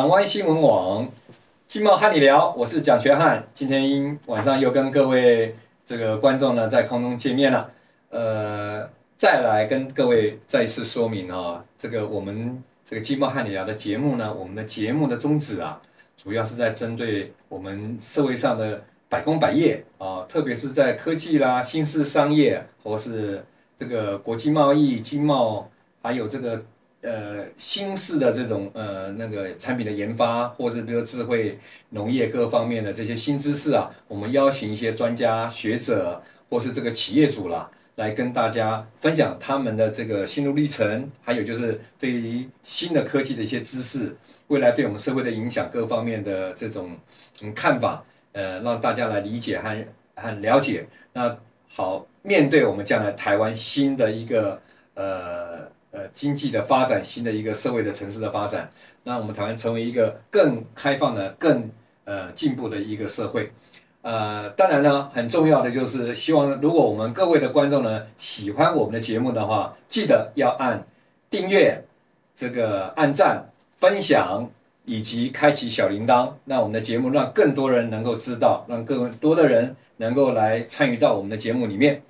港灣新聞網，經貿瀚你聊，我是蔣權瀚。今天晚上又跟各位這個觀眾呢，在空中見面了。呃，再來跟各位再一次說明哦、啊，這個我們這個經貿瀚你聊的節目呢，我們的節目的宗旨啊，主要是在針對我們社會上的百工百業啊，特別是在科技啦、新式商業，或是這個國際貿易、經貿，還有這個。呃，新式的這種呃那個產品的研發，或是比如智慧農業各方面的這些新知識啊，我們邀請一些專家學者，或是這個企業主啦，來跟大家分享他們的這個心路歷程，還有就是對於新的科技的一些知識，未來對我們社會的影響各方面的這種看法，呃，讓大家來理解和和了解。那好，面對我們將來台灣新的一個呃。經濟的發展，新的一個社會的城市的發展，讓我們台灣成為一個更開放的、更呃進步的一個社會。呃，當然呢，很重要的就是希望，如果我們各位的觀眾呢喜歡我們的節目的話，記得要按訂閱，這個按讚、分享以及開啟小鈴鐺，讓我們的節目讓更多人能夠知道，讓更多的人能夠來參與到我們的節目裡面。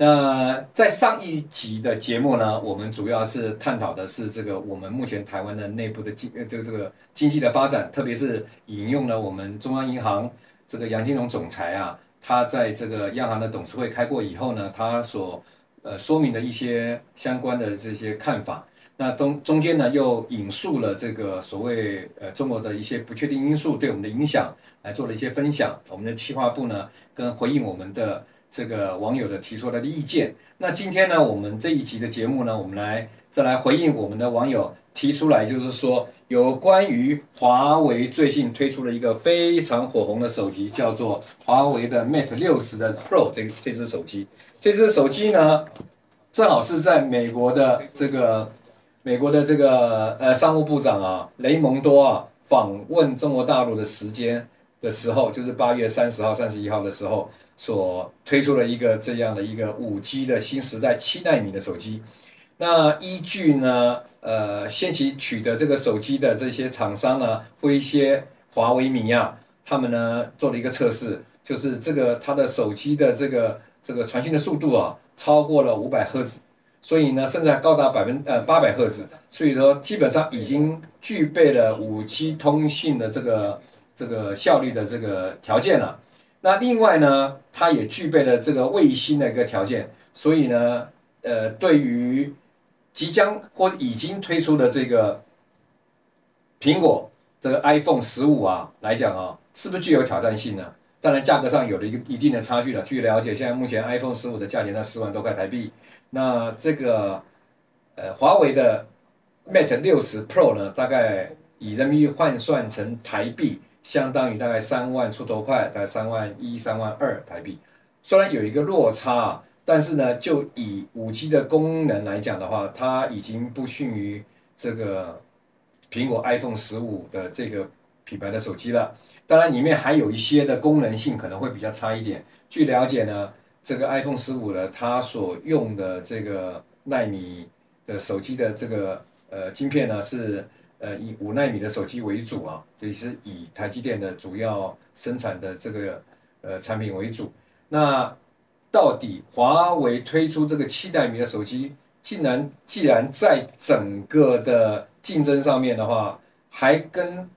那在上一集的節目呢，我們主要是探討的是這個我們目前台灣的內部的經，這個這個經濟的發展，特別是引用了我們中央銀行這個楊金龍總裁啊，他在這個央行的董事會開過以後呢，他所呃說明的一些相關的這些看法。那中中間呢又引述了這個所謂呃中國的一些不確定因素對我們的影響，來做了一些分享。我們的企劃部呢跟回應我們的。這個網友的提出來的意見，那今天呢，我們這一集的節目呢，我們來再來回應我們的網友提出來，就是說有關於華為最近推出了一個非常火紅的手機，叫做華為的 Mate 六十的 Pro 這這只手機，這只手機呢，正好是在美國的這個美國的這個呃商務部長啊雷蒙多啊訪問中國大陸的時間。的時候，就是八月三十號、三十一號的時候，所推出了一個這樣的一個五 G 的新時代七奈米的手機。那依據呢，呃，先期取得這個手機的這些廠商呢，或一些華為迷啊，他們呢做了一個測試，就是這個他的手機的這個這個傳訊的速度啊，超過了五百赫茲，所以呢，甚至還高達百分呃八百赫茲，Hz, 所以說基本上已經具備了五 G 通信的這個。這個效率的這個條件了。啊，那另外呢，它也具備了這個衛星的一個條件，所以呢，呃，對於即將或已經推出的這個蘋果這個 iPhone 十五啊來講啊，哦，是不是具有挑戰性呢？當然，價格上有了一個一定的差距了。據了解，現在目前 iPhone 十五的價錢在四萬多塊台幣，那這個呃，華為的 Mate 六十 Pro 呢，大概以人民幣換算成台幣。相當於大概三萬出頭塊，大概三萬一、三萬二台幣。雖然有一個落差，但是呢，就以五 G 的功能來講的話，它已經不遜於這個蘋果 iPhone 十五的這個品牌的手機了。當然，裡面還有一些的功能性可能會比較差一點。據了解呢，這個 iPhone 十五呢，它所用的這個奈米的手機的這個呃芯片呢是。呃，以五納米的手機為主啊，這是以台積電的主要生產的這個呃產品為主。那到底華為推出這個七納米的手機，竟然既然在整個的競爭上面的話，還跟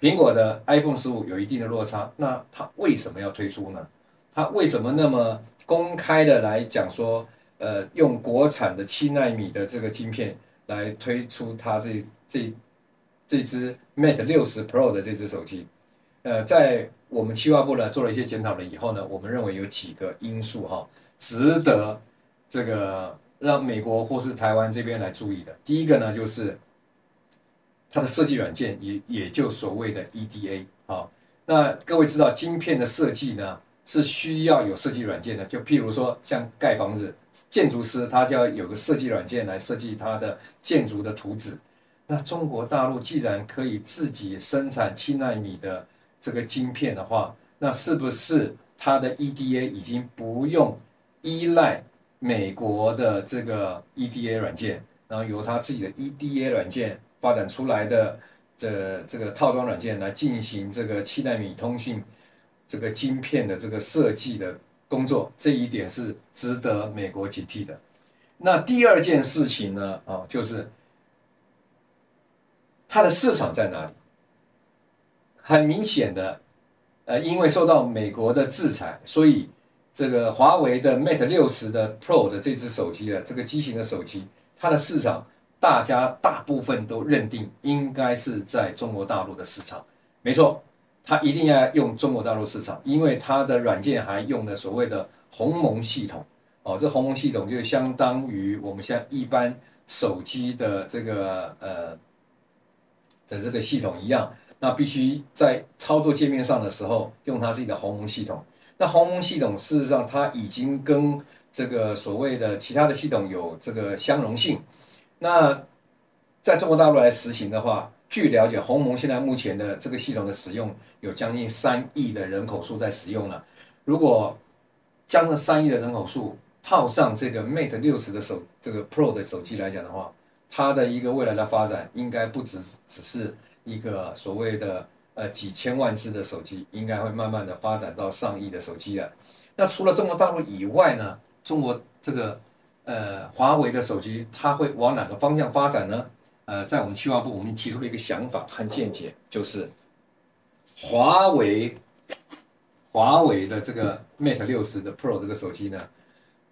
蘋果的 iPhone 十五有一定的落差，那它為什麼要推出呢？它為什麼那麼公開的來講說，呃，用國產的七納米的這個晶片來推出它這這？這支 Mate 60 Pro 的這隻手機，呃，在我們企劃部呢，做了一些檢討了以後呢，我們認為有幾個因素哈，值得這個讓美國或是台灣這邊來注意的。第一個呢，就是它的設計軟件也也就所謂的 EDA。好，那各位知道，晶片的設計呢是需要有設計軟件的，就譬如說像蓋房子，建築師他就要有個設計軟件來設計他的建築的圖紙。那中國大陸既然可以自己生產七奈米的這個晶片的話，那是不是它的 EDA 已經不用依賴美國的這個 EDA 軟件，然後由它自己的 EDA 軟件發展出來的這個、這個套裝軟件來進行這個七奈米通訊這個晶片的這個設計的工作？這一點是值得美國警惕的。那第二件事情呢？啊、哦，就是。它的市場在哪裡？很明顯的，呃，因為受到美國的制裁，所以這個華為的 Mate 60的 Pro 的這只手機啊，這個機型的手機，它的市場大家大部分都認定應該是在中國大陸的市場。沒錯，它一定要用中國大陸市場，因為它的軟件還用的所謂的鴻蒙系統。哦，這鴻蒙系統就相當於我們像一般手機的這個呃。的這個系統一樣，那必須在操作界面上的時候用它自己的鴻蒙系統。那鴻蒙系統事實上它已經跟這個所謂的其他的系統有這個相容性。那在中國大陸來實行的話，據了解，鴻蒙現在目前的這個系統的使用有將近三億的人口數在使用了。如果將這三億的人口數套上這個 Mate 六十的手這個 Pro 的手機來講的話，它的一個未來的發展應該不只只是一個所謂的呃幾千萬只的手機，應該會慢慢的發展到上億的手機的。那除了中國大陸以外呢，中國這個呃華為的手機，它會往哪個方向發展呢？呃，在我們企劃部，我們提出了一個想法和見解，就是華為華為的這個 Mate 60的 Pro 這個手機呢，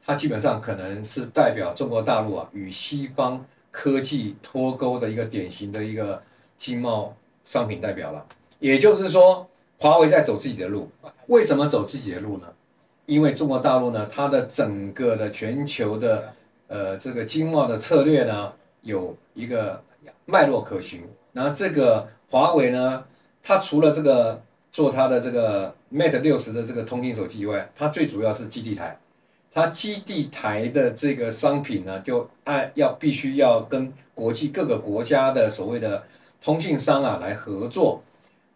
它基本上可能是代表中國大陸啊與西方科技脫鈎的一個典型的一個經貿商品代表了，也就是說，華為在走自己的路。為什麼走自己的路呢？因為中國大陸呢，它的整個的全球的呃這個經貿的策略呢，有一個脈絡可循。然後這個華為呢，它除了這個做它的這個 Mate 六十的這個通信手機以外，它最主要是基地台。它基地台的這個商品呢，就按要必須要跟國際各個國家的所謂的通信商啊來合作。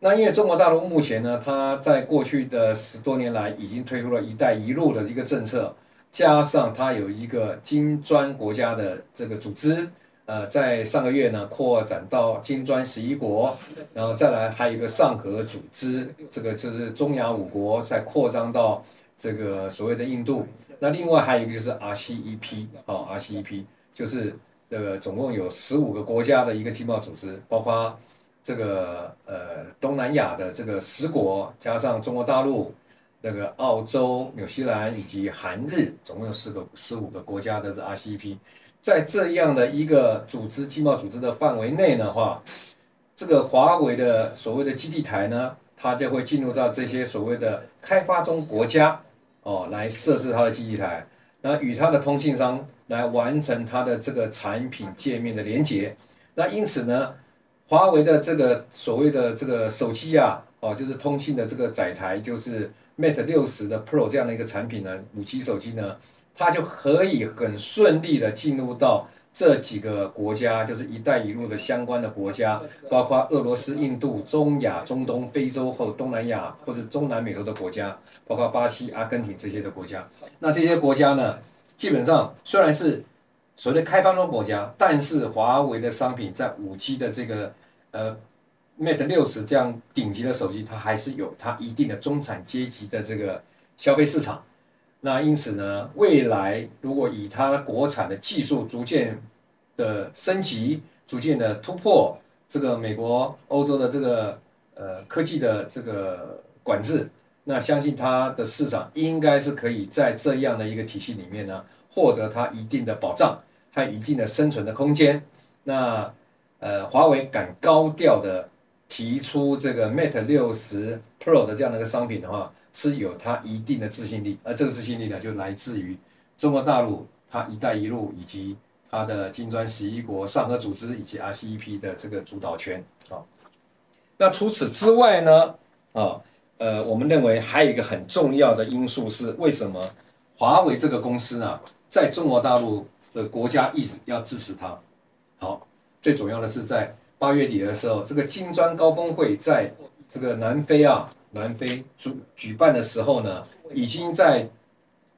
那因為中國大陸目前呢，它在過去的十多年來已經推出了“一帶一路”的一個政策，加上它有一個金磚國家的這個組織，呃，在上個月呢擴展到金磚十一國，然後再來還有一個上合組織，這個就是中亞五國在擴張到。這個所謂的印度，那另外還有一個就是 RCEP 哦 r c e p 就是這個總共有十五個國家的一個經貿組織，包括這個呃東南亞的這個十國，加上中國大陸、那、這個澳洲、紐西蘭以及韓日，總共有四個十五個國家的這 RCEP，在這樣的一個組織經貿組織的範圍內的話，這個華為的所謂的基地台呢，它就會進入到這些所謂的開發中國家。哦，來設置它的基地台，那與它的通信商來完成它的這個產品界面的連接。那因此呢，華為的這個所謂的這個手機啊，哦，就是通信的這個載台，就是 Mate 六十的 Pro 這樣的一個產品呢，五 G 手機呢，它就可以很順利的進入到。這幾個國家就是“一帶一路”的相關的國家，包括俄羅斯、印度、中亞、中東、非洲或東南亞，或者是中南美洲的國家，包括巴西、阿根廷這些的國家。那這些國家呢，基本上雖然是所謂的開發中國家，但是華為的商品在 5G 的這個呃 Mate 60這樣頂級的手機，它還是有它一定的中產階級的這個消費市場。那因此呢，未來如果以它國產的技術逐漸的升級，逐漸的突破這個美國、歐洲的這個呃科技的這個管制，那相信它的市場應該是可以在這樣的一個體系裡面呢，獲得它一定的保障和一定的生存的空間。那呃，華為敢高調的提出這個 Mate 60 Pro 的這樣的一個商品的話，是有它一定的自信力，而這個自信力呢，就來自於中國大陸、它“一帶一路”以及它的金磚十一國、上合組織以及 RCEP 的這個主導權。啊。那除此之外呢？啊，呃，我們認為還有一個很重要的因素是，為什麼華為這個公司呢，在中國大陸的國家一直要支持它？好，最主要的是在。八月底的時候，這個金磚高峰會在這個南非啊，南非主舉辦的時候呢，已經在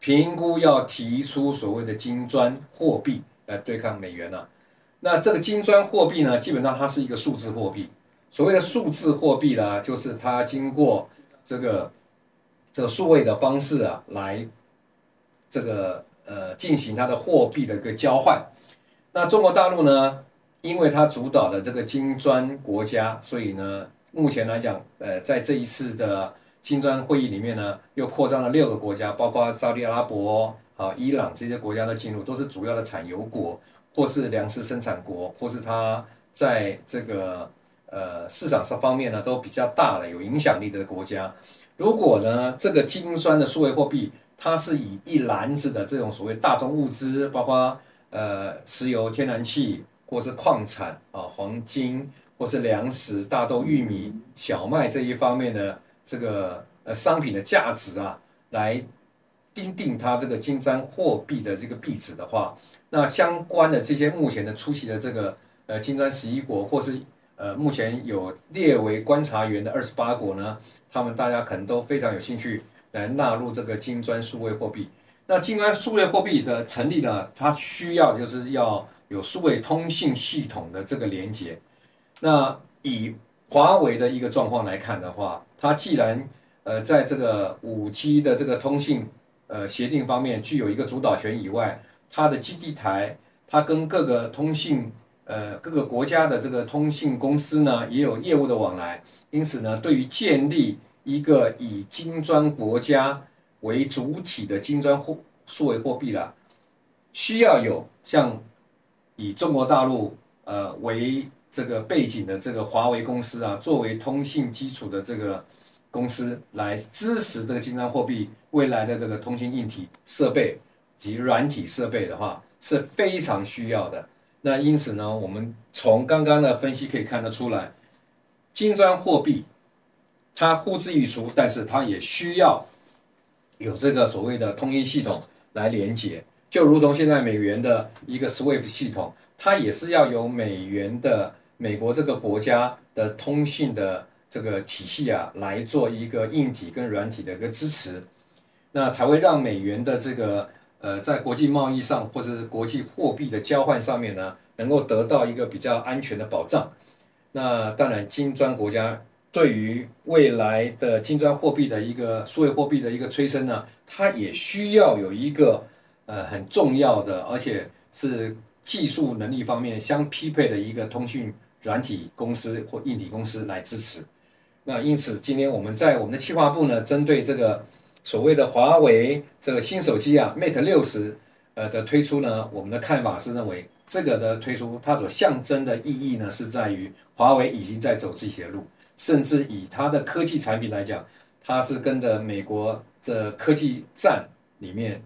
評估要提出所謂的金磚貨幣來對抗美元了。那這個金磚貨幣呢，基本上它是一個數字貨幣。所謂的數字貨幣呢、啊，就是它經過這個這個數位的方式啊，來這個呃進行它的貨幣的一個交換。那中國大陸呢？因為它主導的這個金磚國家，所以呢，目前來講，呃，在這一次的金磚會議裡面呢，又擴張了六個國家，包括沙特阿拉伯、啊伊朗這些國家的進入，都是主要的產油國，或是糧食生產國，或是它在這個呃市場上方面呢，都比較大的、有影響力的國家。如果呢，這個金磚的數位貨幣，它是以一籃子的這種所謂大宗物資，包括呃石油、天然氣。或是礦產啊，黃金，或是糧食、大豆、玉米、小麥這一方面的這個呃商品的價值啊，來訂定它這個金磚貨幣的這個幣值的話，那相關的這些目前的出席的這個呃金磚十一國，或是呃目前有列為觀察員的二十八國呢，他們大家可能都非常有興趣來納入這個金磚數位貨幣。那金磚數位貨幣的成立呢，它需要就是要。有數位通信系統的這個連接，那以華為的一個狀況來看的話，它既然呃在這個五 G 的這個通信呃協定方面具有一個主導權以外，它的基地台，它跟各個通信呃各個國家的這個通信公司呢也有業務的往來，因此呢，對於建立一個以金磚國家為主體的金磚貨數位貨幣了需要有像。以中國大陸呃為這個背景的這個華為公司啊，作為通信基礎的這個公司來支持這個金磚貨幣未來的這個通信硬體設備及軟體設備的話是非常需要的。那因此呢，我們從剛剛的分析可以看得出來，金磚貨幣它呼之欲出，但是它也需要有這個所謂的通信系統來連接。就如同現在美元的一個 SWIFT 系統，它也是要由美元的美國這個國家的通信、的這個體系啊，來做一個硬體跟軟體的一個支持，那才會讓美元的這個呃在國際貿易上或者是國際貨幣的交換上面呢，能夠得到一個比較安全的保障。那當然，金磚國家對於未來的金磚貨幣的一個數位貨幣的一個催生呢，它也需要有一個。呃，很重要的，而且是技術能力方面相匹配的一個通訊軟體公司或硬體公司來支持。那因此，今天我們在我們的企劃部呢，針對這個所謂的華為這個新手機啊，Mate 60呃的推出呢，我們的看法是認為這個的推出它所象徵的意義呢，是在於華為已經在走自己的路，甚至以它的科技產品來講，它是跟着美國的科技戰裡面。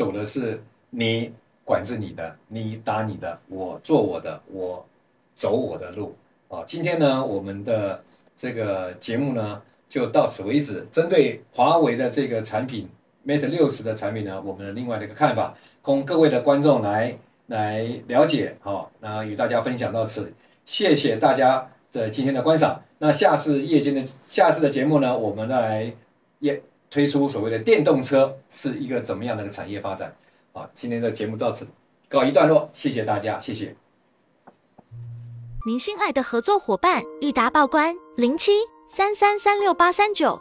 走的是你管制你的，你打你的，我做我的，我走我的路啊、哦！今天呢，我們的這個節目呢就到此為止。針對華為的這個產品 Mate 六十的產品呢，我們的另外的一個看法，供各位的觀眾來來了解啊。那、哦、與大家分享到此，謝謝大家的今天的觀賞。那下次夜間的下次的節目呢，我們來耶。推出所謂的電動車是一個怎麼樣的一個產業發展？好，今天的節目到此告一段落，謝謝大家，謝謝。您信賴的合作伙伴，諭達報關，零七三三三六八三九。